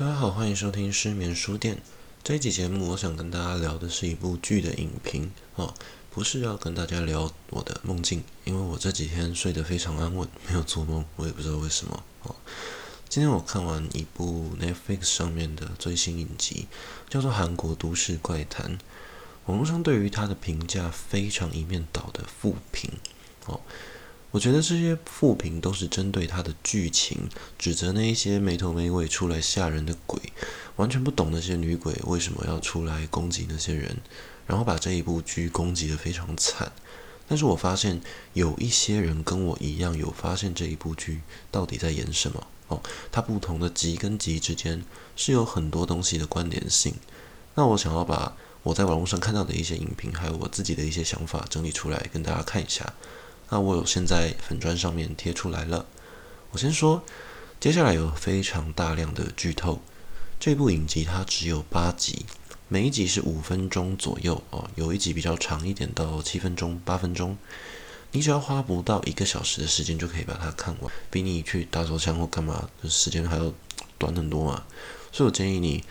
大家好，歡迎收聽失眠書店。這一集節目，我想跟大家聊的是一部劇的影評哦，不是要跟大家聊我的夢境，因為我這幾天睡得非常安穩，沒有做夢，我也不知道為什麼。哦，今天我看完一部 Netflix 上面的最新影集，叫做《韓國都市怪談》，網絡上對於它的評價非常一面倒的負評哦。我覺得這些負評都是針對它的劇情，指責那一些沒頭沒尾出來嚇人的鬼，完全不懂那些女鬼為什麼要出來攻擊那些人，然後把這一部劇攻擊得非常慘。但是我發現有一些人跟我一樣，有發現這一部劇到底在演什麼哦。它不同的集跟集之間是有很多東西的關聯性。那我想要把我在網絡上看到的一些影評，還有我自己的一些想法整理出來，跟大家看一下。那我有現在粉專上面貼出來了。我先說，接下來有非常大量的劇透。這部影集它只有八集，每一集是五分鐘左右哦，有一集比較長一點到，到七分鐘、八分鐘。你只要花不到一個小時的時間就可以把它看完，比你去打手槍或幹嘛的時間還要短很多嘛。所以我建議你。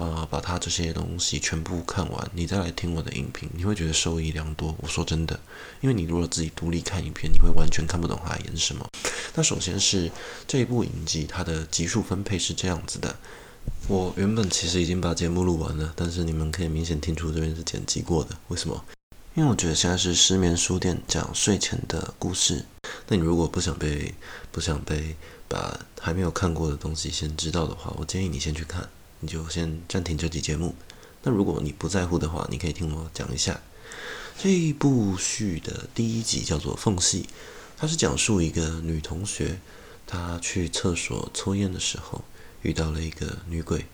啊、呃，把它這些東西全部看完，你再來聽我的音頻，你會覺得受益良多。我說真的，因為你如果自己獨立看影片，你會完全看不懂他演什麼。那首先是這一部影集，它的集數分配是這樣子的。我原本其實已經把節目錄完了，但是你們可以明顯聽出這邊是剪輯過的。為什麼？因為我覺得現在是失眠書店講睡前的故事。那你如果不想被不想被把還沒有看過的東西先知道的話，我建議你先去看。你就先暫停這集節目。那如果你不在乎的話，你可以聽我講一下這一部劇的第一集叫做《縫隙》，它是講述一個女同學，她去廁所抽菸的時候遇到了一個女鬼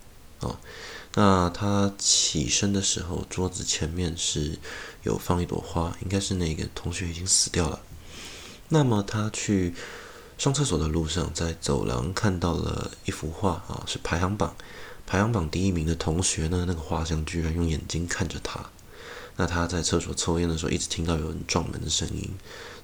哦，那她起身的時候，桌子前面是有放一朵花，應該是那個同學已經死掉了。那麼她去上廁所的路上，在走廊看到了一幅畫啊、哦，是排行榜。排行榜第一名的同學呢，那個畫像居然用眼睛看着他。那他在廁所抽菸的時候，一直聽到有人撞門的聲音。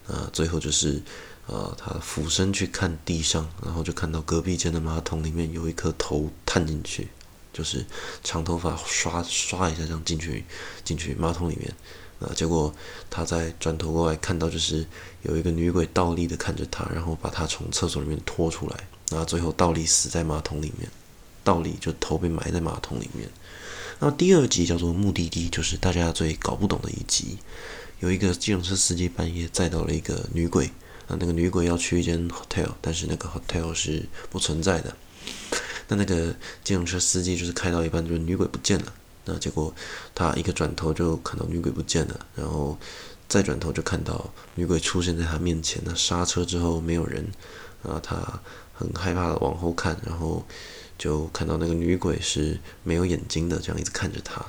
呃，最後就是，呃，他俯身去看地上，然後就看到隔壁間的馬桶裡面有一顆頭探進去，就是長頭髮刷刷一下這樣進去進去馬桶裡面。呃，結果他在轉頭過來看到，就是有一個女鬼倒立的看着他，然後把他從廁所裡面拖出來，然後最後倒立死在馬桶裡面。道理就頭被埋在馬桶裡面。那第二集叫做《目的地》，就是大家最搞不懂的一集。有一個計程車司機半夜載到了一個女鬼，那那個女鬼要去一間 hotel，但是那個 hotel 是不存在的。那那個計程車司機就是開到一半，就是女鬼不見了。那結果他一個轉頭就看到女鬼不見了，然後再轉頭就看到女鬼出現在他面前。那剎車之後沒有人，然後他很害怕的往後看，然後。就看到那個女鬼是沒有眼睛的，這樣一直看着他。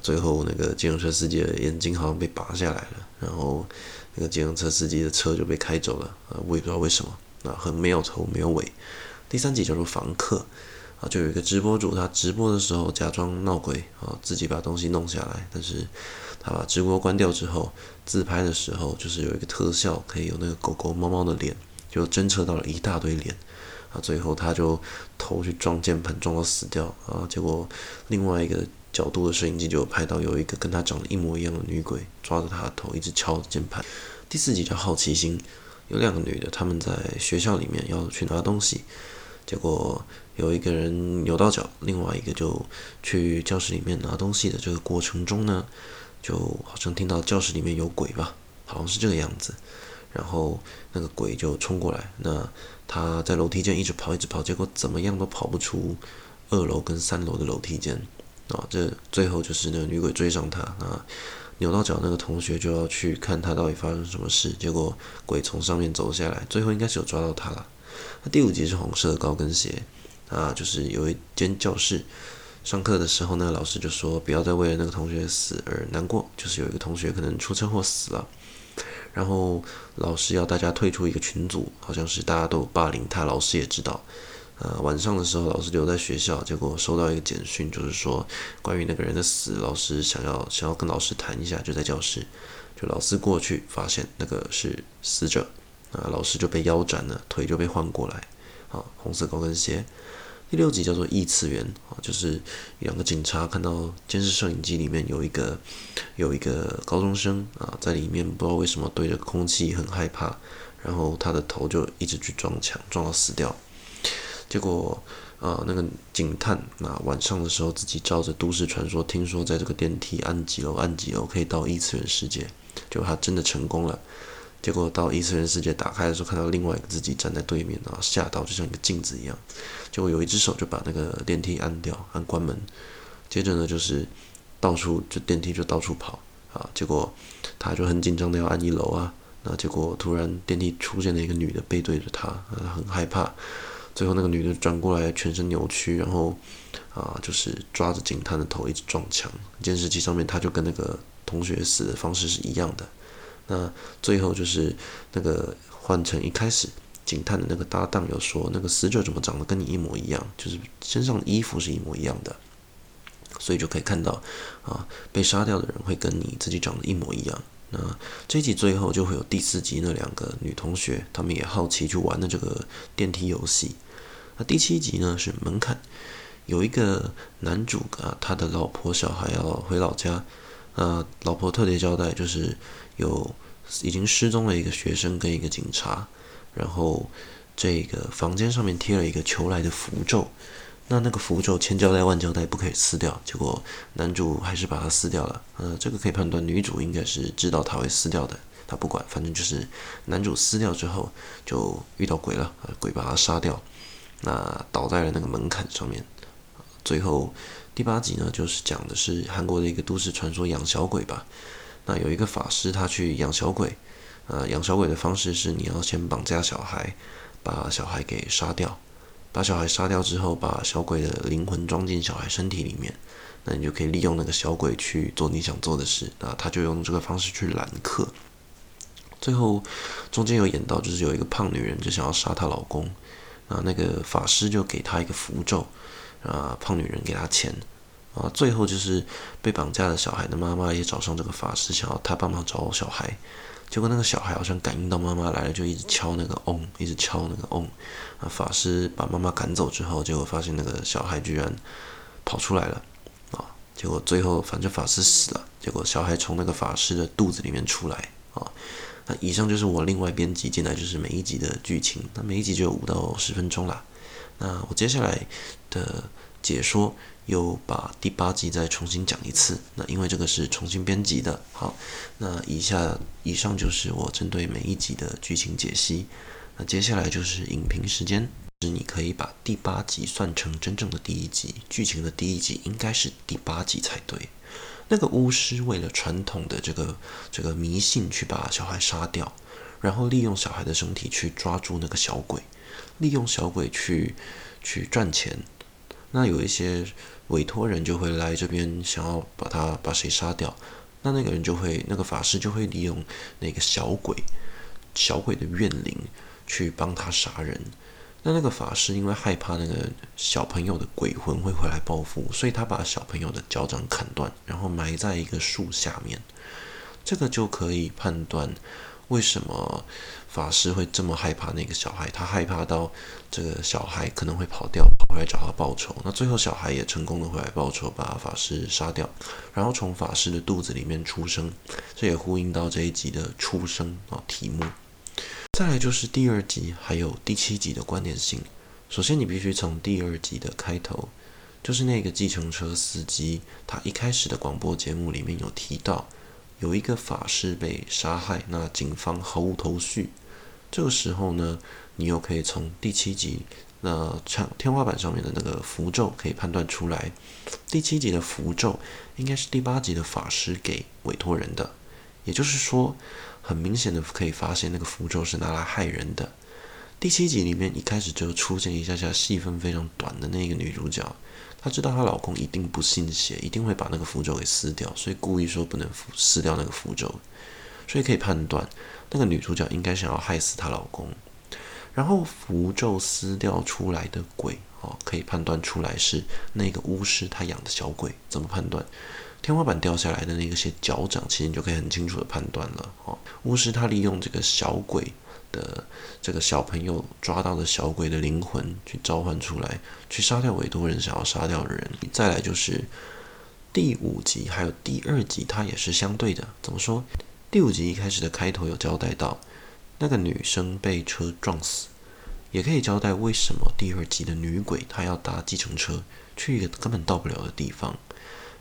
最後那個機動車司機的眼睛好像被拔下來了，然後那個機動車司機的車就被開走了。啊，我也不知道為什麼，啊，很沒有頭沒有尾。第三集叫做《房客》，啊，就有一個直播主他直播的時候假裝鬧鬼，啊，自己把東西弄下來，但是他把直播關掉之後，自拍的時候就是有一個特效可以有那個狗狗貓貓的臉，就偵測到了一大堆臉。他最後他就頭去撞鍵盤撞到死掉啊！然後結果另外一個角度的攝影機就拍到有一個跟他長得一模一樣的女鬼抓着他的頭一直敲鍵盤。第四集叫好奇心，有兩個女的她們在學校裡面要去拿東西，結果有一個人扭到腳，另外一個就去教室裡面拿東西的這個過程中呢，就好像聽到教室裡面有鬼吧，好像是這個樣子。然後那個鬼就衝過來，那他在樓梯間一直跑，一直跑，結果怎麼樣都跑不出二樓跟三樓的樓梯間啊！這最後就是那個女鬼追上他啊，扭到腳那個同學就要去看他到底發生什麼事，結果鬼從上面走下來，最後應該是有抓到他了。第五集是紅色的高跟鞋啊，就是有一間教室，上課的時候那個老師就說不要再為了那個同學死而難過，就是有一個同學可能出車禍死了。然後老師要大家退出一個群組，好像是大家都有霸凌他，老師也知道。呃，晚上的時候老師留在學校，結果收到一個簡訊，就是說關於那個人的死，老師想要想要跟老師談一下，就在教室，就老師過去發現那個是死者，呃，老師就被腰斬了，腿就被換過來，啊、哦，紅色高跟鞋。第六集叫做《異次元》啊，就是兩個警察看到監視攝影機裡面有一個有一個高中生啊，在裡面不知道為什麼對着空氣很害怕，然後他的頭就一直去撞牆，撞到死掉。結果啊，呃，那個警探啊，晚上的時候自己照着都市傳說，聽說在這個電梯按幾樓按幾樓可以到異次元世界，就他真的成功了。結果到異次元世界打開的時候，看到另外一個自己站在對面，然後嚇到就像一個鏡子一樣。結果有一只手就把那個電梯按掉，按關門。接着呢，就是到處就電梯就到處跑啊。結果他就很緊張的要按一樓啊。那結果突然電梯出現了一個女的背對着他，他、啊、很害怕。最後那個女的轉過來，全身扭曲，然後啊就是抓着警探的頭一直撞牆。監視器上面他就跟那個同學死的方式是一樣的。那最後就是那個換成一開始警探的那個搭檔有說，那個死者怎麼長得跟你一模一樣，就是身上的衣服是一模一樣的，所以就可以看到啊，被殺掉的人會跟你自己長得一模一樣。那這一集最後就會有第四集那兩個女同學，她們也好奇去玩的這個電梯遊戲。那第七集呢，是門檻，有一個男主啊，他的老婆小孩要回老家，啊，老婆特別交代就是有，已經失蹤了一個學生跟一個警察，然後這個房間上面貼了一個求來的符咒，那那個符咒千交代萬交代不可以撕掉，結果男主還是把它撕掉了。嗯，呃，這個可以判斷女主應該是知道他會撕掉的，他不管，反正就是男主撕掉之後就遇到鬼了，呃，鬼把他殺掉，那倒在了那個門檻上面。最後第八集呢，就是講的是韓國的一個都市傳說養小鬼吧。那有一個法師，他去養小鬼，呃，養小鬼的方式是你要先綁架小孩，把小孩給殺掉，把小孩殺掉之後，把小鬼的靈魂裝進小孩身體裡面，那你就可以利用那個小鬼去做你想做的事。啊，他就用這個方式去攬客。最後中間有演到，就是有一個胖女人就想要殺她老公，啊，那個法師就給她一個符咒，啊，胖女人給她錢。啊，最後就是被綁架的小孩的媽媽也找上這個法師，想要他幫忙找小孩。結果那個小孩好像感應到媽媽來了，就一直敲那個嗡，一直敲那個嗡。啊，法師把媽媽趕走之後，結果發現那個小孩居然跑出來了。啊，結果最後反正法師死了，結果小孩從那個法師的肚子裡面出來。啊，那以上就是我另外編輯進來就是每一集的劇情。那每一集就有五到十分鐘啦。那我接下來的解說。又把第八集再重新講一次，那因為這個是重新編輯的。好，那以下以上就是我針對每一集的劇情解析。那接下來就是影評時間。是你可以把第八集算成真正的第一集，劇情的第一集應該是第八集才對。那個巫師為了傳統的這個這個迷信，去把小孩殺掉，然後利用小孩的身體去抓住那個小鬼，利用小鬼去去賺錢。那有一些委託人就會來這邊，想要把他把誰殺掉，那那個人就會那個法師就會利用那個小鬼，小鬼的怨靈去幫他殺人。那那個法師因為害怕那個小朋友的鬼魂會回來報復，所以他把小朋友的腳掌砍斷，然後埋在一個樹下面。這個就可以判斷。為什麼法師會這麼害怕那個小孩？他害怕到這個小孩可能會跑掉，跑回來找他報仇，那最後小孩也成功的回來報仇，把法師殺掉，然後從法師的肚子裡面出生，這也呼應到這一集的出生啊題目。再來就是第二集還有第七集的關聯性。首先，你必須從第二集的開頭，就是那個計程車司機他一開始的廣播節目裡面有提到。有一個法師被殺害，那警方毫無頭緒。這個時候呢，你又可以從第七集那牆天花板上面的那個符咒可以判斷出來，第七集的符咒應該是第八集的法師給委託人的，也就是說，很明顯的可以發現那個符咒是拿來害人的。第七集裡面一開始就出現一下下，戲份非常短的那個女主角，她知道她老公一定不信邪，一定會把那個符咒給撕掉，所以故意說不能撕，撕掉那個符咒，所以可以判斷那個女主角應該想要害死她老公。然後符咒撕掉出來的鬼哦，可以判斷出來是那個巫師他養的小鬼。怎麼判斷？天花板掉下來的那些腳掌，其實你就可以很清楚的判斷了。哦，巫師他利用這個小鬼，的這個小朋友抓到的小鬼的靈魂去召喚出來，去殺掉委託人想要殺掉的人。再來就是第五集還有第二集，它也是相對的。怎麼說？第五集一開始的開頭有交代到，那個女生被車撞死，也可以交代為什麼第二集的女鬼她要搭計程車去一個根本到不了的地方，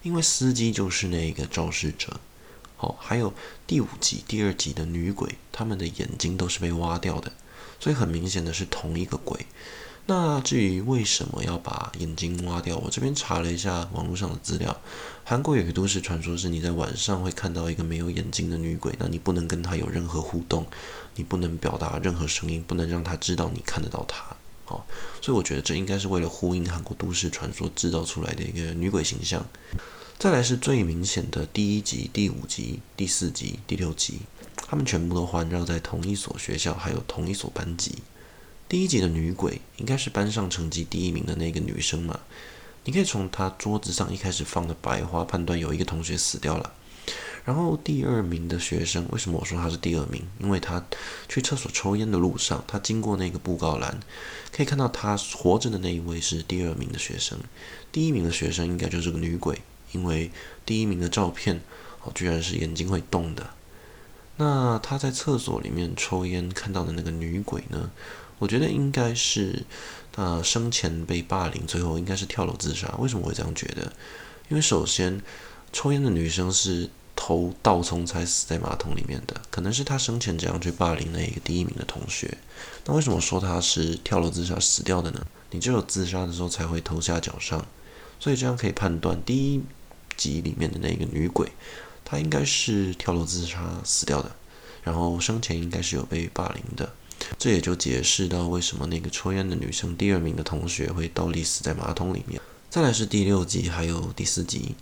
因為司機就是那個肇事者。哦，還有第五集、第二集的女鬼，她們的眼睛都是被挖掉的，所以很明顯的是同一個鬼。那至於為什麼要把眼睛挖掉，我這邊查了一下網絡上的資料，韓國有一個都市傳說是你在晚上會看到一個沒有眼睛的女鬼，那你不能跟她有任何互動，你不能表達任何聲音，不能讓她知道你看得到她。哦，所以我覺得這應該是為了呼應韓國都市傳說製造出來的一個女鬼形象。再來是最明顯的第一集、第五集、第四集、第六集，他們全部都環繞在同一所學校，還有同一所班級。第一集的女鬼應該是班上成績第一名的那個女生嘛？你可以從她桌子上一開始放的白花判斷，有一個同學死掉了。然後第二名的學生，為什麼我說她是第二名？因為她去廁所抽菸的路上，她經過那個布告欄，可以看到她活着的那一位是第二名的學生。第一名的學生應該就是個女鬼。因為第一名的照片，居然是眼睛會動的。那他在廁所裡面抽菸看到的那個女鬼呢？我覺得應該是，他、呃、生前被霸凌，最後應該是跳樓自殺。為什麼我會這樣覺得？因為首先，抽菸的女生是頭倒蔥才死在馬桶裡面的，可能是她生前這樣去霸凌那一個第一名的同學。那為什麼說她是跳樓自殺死掉的呢？你只有自殺的時候才會頭下腳上，所以這樣可以判斷第一。集裡面的那個女鬼，她應該是跳樓自殺死掉的，然後生前應該是有被霸凌的，這也就解釋到為什麼那個抽煙的女生第二名的同學會倒立死在馬桶裡面。再來是第六集還有第四集，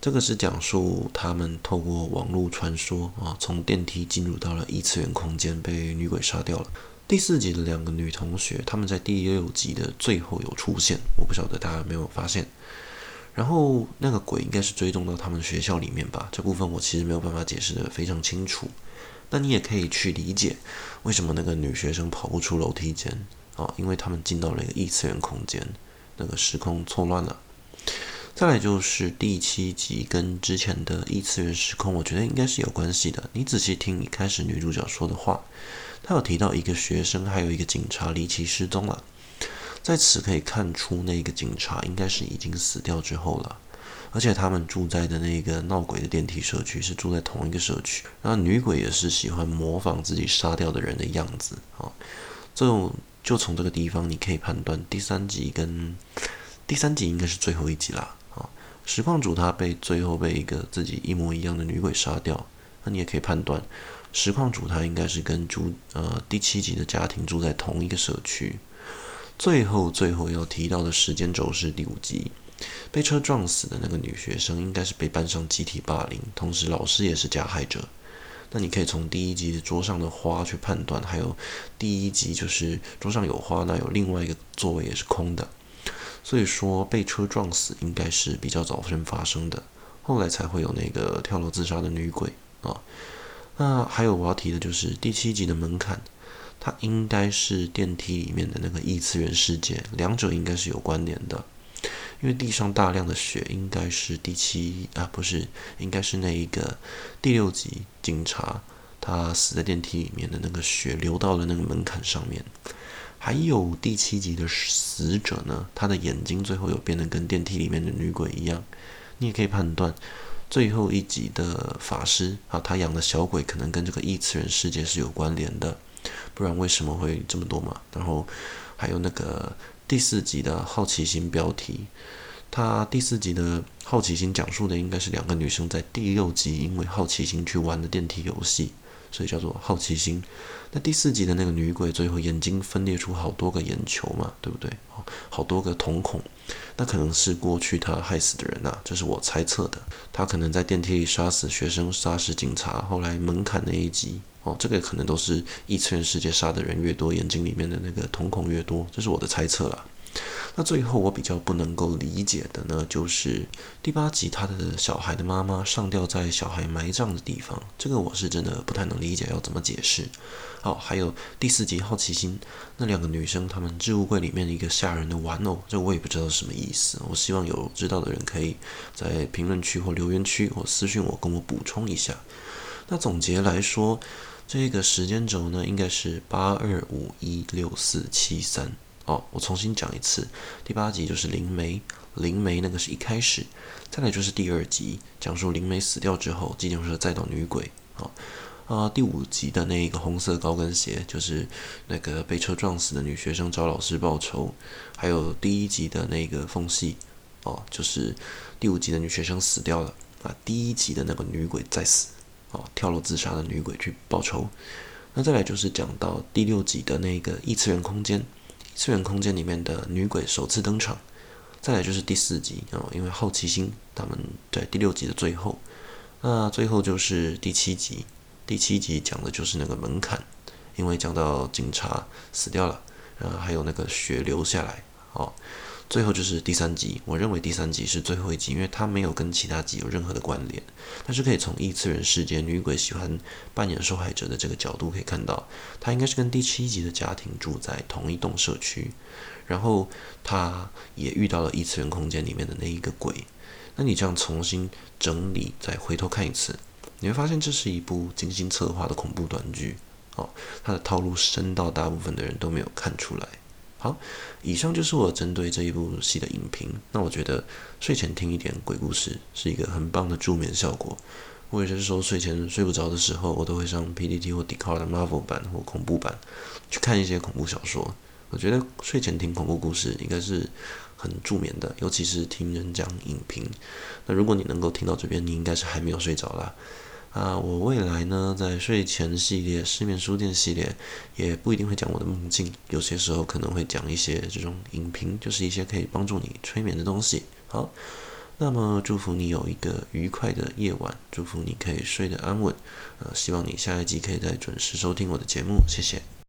這個是講述他們透過網絡傳說啊，從電梯進入到了異次元空間，被女鬼殺掉了。第四集的兩個女同學，她們在第六集的最後有出現，我不曉得大家有沒有發現。然後那個鬼應該是追蹤到他們學校裡面吧，這部分我其實沒有辦法解釋得非常清楚。那你也可以去理解為什麼那個女學生跑不出樓梯間啊，因為他們進到了一個異次元空間，那個時空錯亂了。再來就是第七集跟之前的異次元時空，我覺得應該是有關係的。你仔細聽一開始女主角說的話，她有提到一個學生還有一個警察離奇失蹤了。在此可以看出，那個警察應該是已經死掉之後了，而且他們住在的那個鬧鬼的電梯社區是住在同一個社區。那女鬼也是喜歡模仿自己殺掉的人的樣子啊。這種就從這個地方，你可以判斷第三集跟第三集應該是最後一集啦。啊，實況主他被最後被一個自己一模一樣的女鬼殺掉，那你也可以判斷，實況主他應該是跟住呃第七集的家庭住在同一個社區。最後，最後要提到的時間軸是第五集，被車撞死的那個女學生應該是被班上集體霸凌，同時老師也是加害者。那你可以從第一集桌上的花去判斷，還有第一集就是桌上有花，那有另外一個座位也是空的，所以說被車撞死應該是比較早先發生的，後來才會有那個跳樓自殺的女鬼啊。那還有我要提的就是第七集的門檻。它應該是電梯裡面的那個異次元世界，兩者應該是有關聯的。因為地上大量的血，應該是第七啊，不是，應該是那一個第六集警察他死在電梯裡面的那個血流到了那個門檻上面。還有第七集的死者呢，他的眼睛最後有變得跟電梯裡面的女鬼一樣。你也可以判斷，最後一集的法師啊，他養的小鬼可能跟這個異次元世界是有關聯的。不然為什麼會這麼多嘛？然後，還有那個第四集的好奇心標題，它第四集的好奇心講述的應該是兩個女生在第六集因為好奇心去玩的電梯遊戲。所以叫做好奇心。那第四集的那個女鬼，最後眼睛分裂出好多個眼球嘛，對不對？好多個瞳孔，那可能是過去她害死的人吶、啊，這是我猜測的。她可能在電梯裡殺死學生，殺死警察，後來門檻那一集，哦，這個可能都是異次元世界殺的人越多，眼睛裡面的那個瞳孔越多，這是我的猜測啦。那最後我比較不能夠理解的呢，就是第八集他的小孩的媽媽上吊在小孩埋葬的地方，這個我是真的不太能理解，要怎麼解釋？好，還有第四集好奇心，那兩個女生她們置物櫃裡面的一個嚇人的玩偶，這個我也不知道什麼意思，我希望有知道的人可以在評論區或留言區或私信我跟我補充一下。那總結來說，這個時間軸呢，應該是八二五一六四七三。哦，我重新講一次，第八集就是靈媒，靈媒那個是一開始，再來就是第二集，講述靈媒死掉之後，計程車載到女鬼。啊、哦、啊，第五集的那個紅色高跟鞋，就是那個被車撞死的女學生找老師報仇，還有第一集的那個縫隙，哦，就是第五集的女學生死掉了啊，第一集的那個女鬼再死，哦，跳樓自殺的女鬼去報仇。那再來就是講到第六集的那個異次元空間。次元空間裡面的女鬼首次登場，再來就是第四集啊，因為好奇心，他們在第六集的最後，那最後就是第七集，第七集講的就是那個門檻，因為講到警察死掉了，然後還有那個血流下來，哦。最後就是第三集，我認為第三集是最後一集，因為它沒有跟其他集有任何的關聯。但是可以從異次元世界女鬼喜歡扮演受害者的這個角度可以看到，她應該是跟第七集的家庭住在同一棟社區，然後她也遇到了異次元空間裡面的那一個鬼。那你這樣重新整理，再回頭看一次，你會發現這是一部精心策劃的恐怖短劇。哦，它的套路深到大部分的人都沒有看出來。好，以上就是我針對這一部戲的影評。那我覺得睡前聽一點鬼故事是一個很棒的助眠效果。我有些時候，睡前睡不着的時候，我都會上 PTT 或 Dcard 的 Marvel 版、或恐怖版去看一些恐怖小說。我覺得睡前聽恐怖故事應該是很助眠的，尤其是聽人講影評。那如果你能夠聽到這邊，你應該是還沒有睡着啦。啊，我未來呢，在睡前系列、失眠書店系列，也不一定會講我的夢境，有些時候可能會講一些這種影評，就是一些可以幫助你催眠的東西。好，那麼祝福你有一個愉快的夜晚，祝福你可以睡得安穩。呃，希望你下一集可以再準時收聽我的節目，謝謝。